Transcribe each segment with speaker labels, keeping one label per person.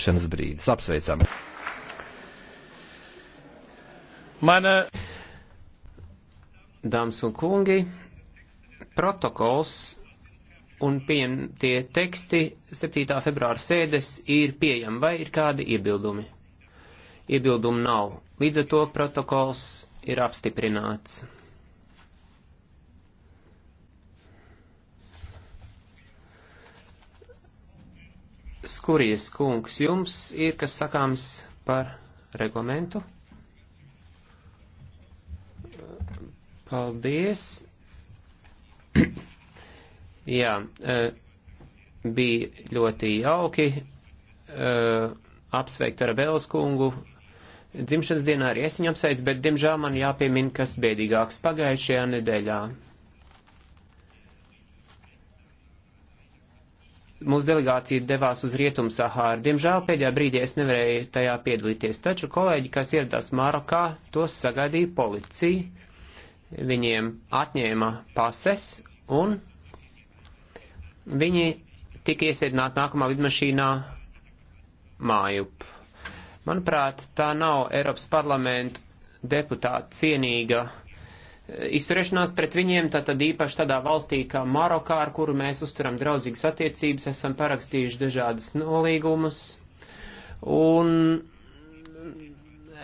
Speaker 1: lūkšanas brīdis. Apsveicam! Mana... Dāmas un kungi, protokols un pieņemtie teksti 7. februāra sēdes ir pieejami vai ir kādi iebildumi? Iebildumu nav. Līdz ar to protokols ir apstiprināts. Skurijas kungs, jums ir kas sakāms par reglamentu? Paldies. Jā, e, bija ļoti jauki e, apsveikt ar Bēles kungu. Dzimšanas dienā arī es viņu apsveicu, bet, diemžēl, man jāpiemina, kas bēdīgāks pagājušajā nedēļā. mūsu delegācija devās uz Rietumu Sahāru. Diemžēl pēdējā brīdī es nevarēju tajā piedalīties, taču kolēģi, kas ieradās Marokā, tos sagaidīja policija, viņiem atņēma pases un viņi tika iesēdināti nākamā lidmašīnā mājup. Manuprāt, tā nav Eiropas parlamenta deputāta cienīga uh, izturēšanās pret viņiem, tātad īpaši tādā valstī kā Marokā, ar kuru mēs uzturam draudzīgas attiecības, esam parakstījuši dažādas nolīgumus. Un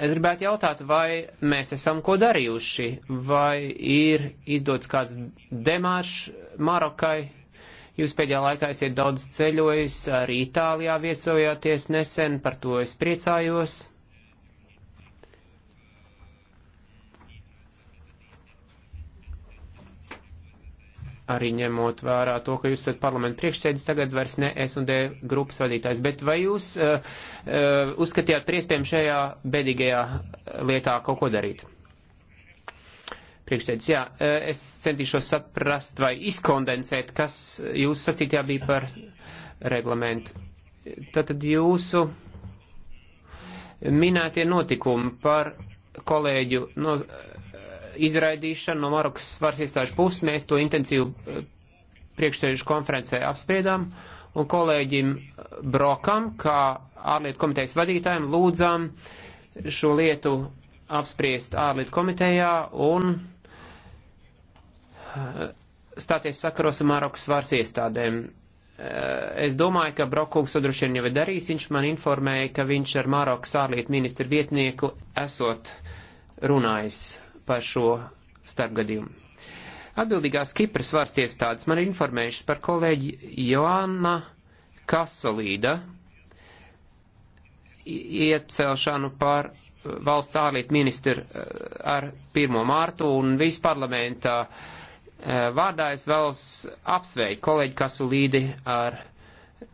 Speaker 1: es gribētu jautāt, vai mēs esam ko darījuši, vai ir izdots kāds demāršs Marokai. Jūs pēdējā laikā esat daudz ceļojis, arī Itālijā viesojāties nesen, par to es priecājos. arī ņemot vērā to, ka jūs esat parlamenta priekšsēdis tagad vairs ne S&D grupas vadītājs. Bet vai jūs uh, uh, uzskatījāt par iespējami šajā bedīgajā lietā kaut ko darīt? Priekšsēdis, jā, uh, es centīšos saprast vai izkondensēt, kas jūs sacītajā bija par reglamentu. Tātad jūsu minētie notikumi par kolēģu no, uh, izraidīšanu no Marokas varas iestāžu puses. Mēs to intensīvi eh, priekšsēžu konferencē apspriedām un kolēģim eh, Brokam, kā ārlietu komitejas vadītājiem, lūdzām šo lietu apspriest ārlietu komitejā un eh, stāties sakaros ar Marokas varas iestādēm. Es domāju, ka Brokungs to droši vien jau ir darījis. Viņš man informēja, ka viņš ar Marokas ārlietu ministru vietnieku esot runājis par šo starpgadījumu. Atbildīgās Kipras varas iestādes man ir informējušas par kolēģi Joanna Kasolīda iecelšanu par eh, valsts ārlietu ministru eh, ar 1. mārtu un visu parlamenta eh, vārdā es vēlos apsveikt kolēģi Kasulīdi ar